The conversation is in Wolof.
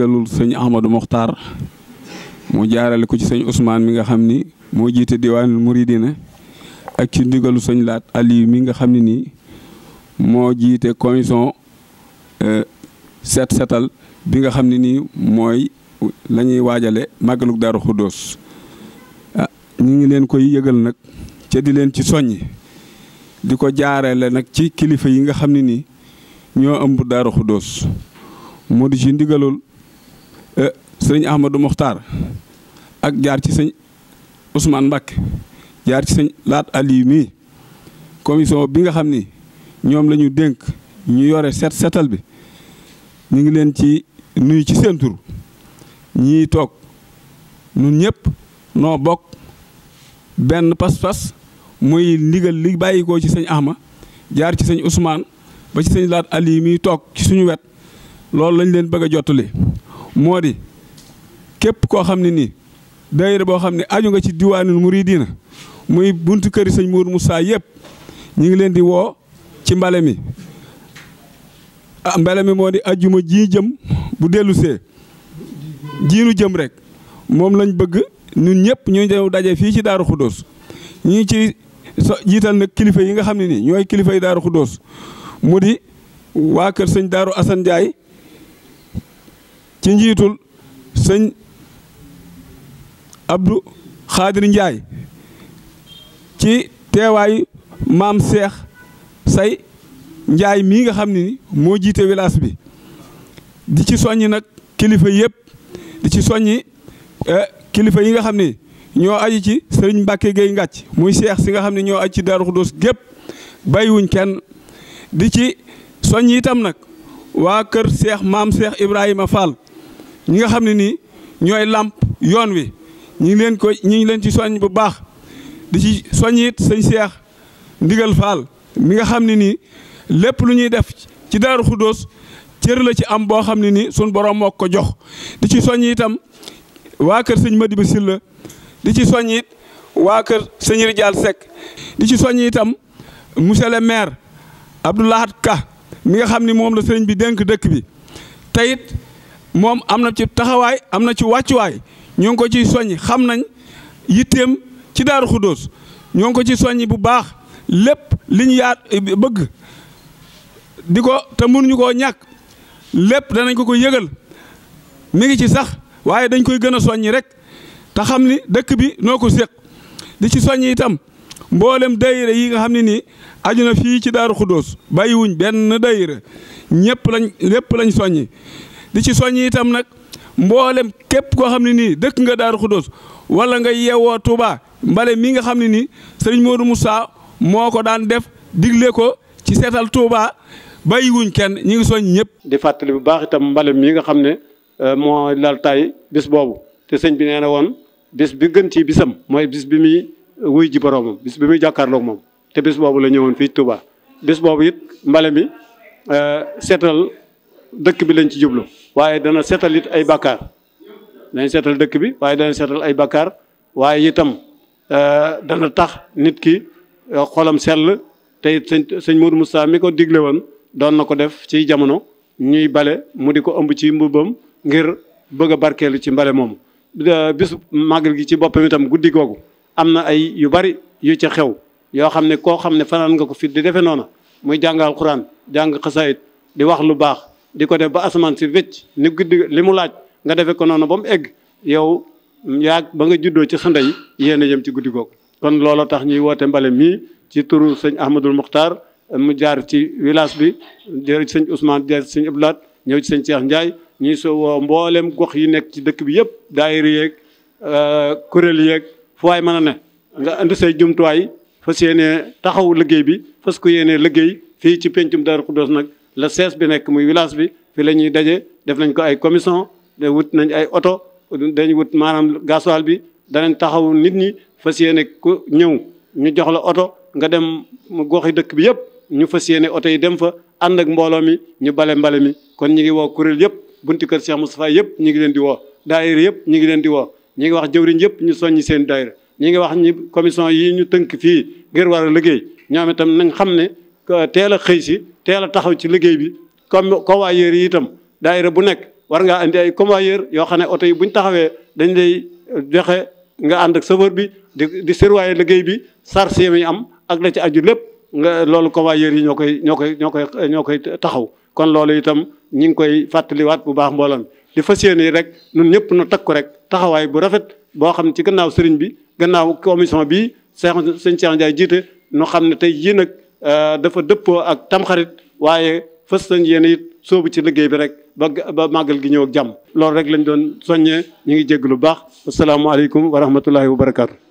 ndigalul sëñ Ahmadou Mokhtar mu jaarale ko ci sëñ Ousmane mi nga xam ni moo jiite diwaanul Muridina ak ci ndigalu sëñ Laat mi nga xam ne nii moo jiite commission euh, seet setal bi nga xam ne nii mooy lañuy waajale màggalug Daaru Xuddoos mu ah, ngi leen koy yëgal nag ca di leen ci soññ di ko jaarale nag ci kilifa yi nga xam ne nii ñoo ëmb Daaru Xuddoos moo di ci ndigalul Eh, sëriñ Ahmadou Mokhtar ak jaar ci sëñ usmaan Mbacke jaar ci sëñ Laat Aliou mii commission bi nga xam ni ñoom la ñu dénk ñu yore set setal bi ñu ngi leen ci nuy ci seen tur ñii toog ñun ñëpp noo bokk benn pas-pas muy ndigal li bàyyi ci sëñ Ahma jaar ci sëñ usmaan ba ci sëñ Laat Aliou mii toog ci suñu wet loolu lañ leen bëgg a jottali moo di képp koo xam ne nii daayira boo xam ne aju nga ci diwaanul muridiina muy buntu këri sëñ mu Moussa yëpp ñu ngi leen di woo ci mbale mi ah, mbale mi moo di ajjuma ji jëm bu dellusee see jiinu jëm rek moom lañ bëgg ñun ñëpp ñu ñëw daje fii ci Daaru Xuddoos ñu ci jiital nag kilifa yi nga xam ne nii ñooy kilifa yi Daaru Xuddoos mu di waa kër sëñ Daaru Assane Ndiaye ci njiitul sëñ abdu Khadir njaay ci teewaay maam seex Say njaay mii nga xam ne ni moo jiite village bi di ci soññi nag kilifa yëpp di ci soññi eh, kilifa yi nga xam ne ñoo aju ci sëriñ Mbacke Gueye Ngathie muy Cheikh si nga xam ne ñoo aju ci Darou Khoudoss gépp bàyyiwuñ kenn di ci soññi itam nag waa kër seex maam Cheikh Ibrahima Fall. ñi nga xam ne nii ñooy làmp yoon wi ñi leen ko ñi ngi leen ci soññ bu baax di ci soññ sëñ Cheikh Ndigal Fall mi nga xam ne nii lépp lu ñuy def ci Daaru Xuddoos cër la ci am boo xam ne nii suñ borom moo ko jox di ci soññ itam waa kër sëñ Madiba Sylla di ci soññ it waa kër sëñ Ridial Seck di ci soññ itam monsieur le maire Abdoulahat Ka mi nga xam ni moom la sëñ bi dénk dëkk bi teyit moom am na ci taxawaay am na ci wàccuwaay ñoo ko ciy soññ xam nañ yitteem ci daaru xudóos ñoo ko ci soññ bu baax lépp liñ ñu yaat eh, bëgg di ko te mënuñu koo ñàkk lépp danañ ko ko yëgal mi ngi ci sax waaye dañ koy gën a soññi rek te xam ni dëkk bi noo ko séq di ci soññ itam mboolem dayira yi nga xam ne nii aju na fii ci daaru xudóos bàyyiwuñ benn dayira ñëpp lañ lépp lañ soññi di ci soññ itam nag mboolem képp koo xam ne nii dëkk nga Daaru Xudóos wala nga yeewoo Touba mbale mi nga xam ne nii sëriñ Modou Moussa moo ko daan def digle ko ci seetal Touba bàyyiwuñ kenn ñi ngi soñ ñëpp. di fàttali bu baax itam mbale mi nga xam ne euh, moo lal tay bis boobu te sëñ bi nee na woon bis bi gën ci bisam mooy bis bi muy wuy ji boroomam bis bi muy jàkkaarloog moom te bis boobu la ñëwoon fii Touba bis boobu it mbale mi euh, seetal. dëkk bi lañ ci jublu waaye dana seetal it ay bàkkaar dana seetal dëkk bi waaye dana seetal ay bàkkaar waaye itam euh, dana tax nit ki euh, xolam sell te it sëñ sëñ Mourou Moustapha mi ko digle woon doon na ko def ci jamono ñuy bale mu di ko ëmb ci mbubbam ngir bëgg a barkeelu ci mbale moomu. Euh, bisu màggal gi ci boppam itam guddi googu am na ay yu bari yu ci xew yoo xam ne koo xam ne fanaan nga ko fit di defee noona muy jàng alxuraan jàng xasaayit di wax lu baax. di ko def ba asamaan si wécc ni guddi li mu laaj nga defe ko noonu ba mu egg yow yaag ba nga juddoo ci sa ndey yéen a jëm ci guddi googu. kon looloo tax ñuy woote mbale mii ci turu sëñ Ahmadul Muxtaar mu jaar ci village bi jaar ci sëñ Ousmane jaar ci sëñ ñëw ci sëñ Cheikh Ndiaye ñuy soo woo mboolem gox yi nekk ci dëkk bi yëpp daayira yeeg euh, kuréel yeeg fu waay mën ne nga indi say jumtuwaay fas yéenee taxaw liggéey bi fas ko yéenee liggéey fii ci pencum Daaru Xuddoos nag la sees bi nekk muy village bi fi la ñuy daje def nañ ko ay commission de wut nañ ay oto dañ wut maanaam gasoil bi danañ taxaw nit ñi fas yéene ku ñëw ñu jox la oto nga dem goxi dëkk bi yëpp ñu fas yéene oto yi dem fa ànd ak mbooloo mi ñu bale mbale mi kon ñu ngi woo kuréel yëpp bunti kër Cheikh Moustapha yëpp ñu ngi leen di woo daayira yëpp ñu ngi leen di woo ñu ngi wax jëwriñ yëpp ñu soññi seen daayira ñu ngi wax ñi commission yi ñu tënk fii ngir war a liggéey ñoom itam nañ xam ne teel a xëy si teel a taxaw ci liggéey bi comme convoyeur yi itam daayira bu nekk war ngaa andi ay convoyeur yoo xam ne oto yi buñ taxawee dañ lay euh, joxe nga ànd ak chauffeur bi di di surveiller liggéey bi sar mi am ak la ci aju lépp nga loolu convoyeur yi ñoo koy ñoo koy ñoo koy ñoo koy taxaw kon loolu itam ñi ngi koy fàttaliwaat bu baax mbooloo mi di fas yéene rek ñun ñëpp nu takku rek taxawaay bu rafet boo xam ne ci gannaaw sëriñ bi gannaaw commission bi sëñ Cheikh Ndiaye jiite nu xam ne tey Euh, dafa dëppoo ak tamxarit waaye fës nañ yéen it soobu ci liggéey bi rek ba ba màggal gi ñëw jàmm loolu rek lañ doon soññee ñu ngi jégg lu baax asalaamaaleykum wa rahmatullahi wa barakaatu.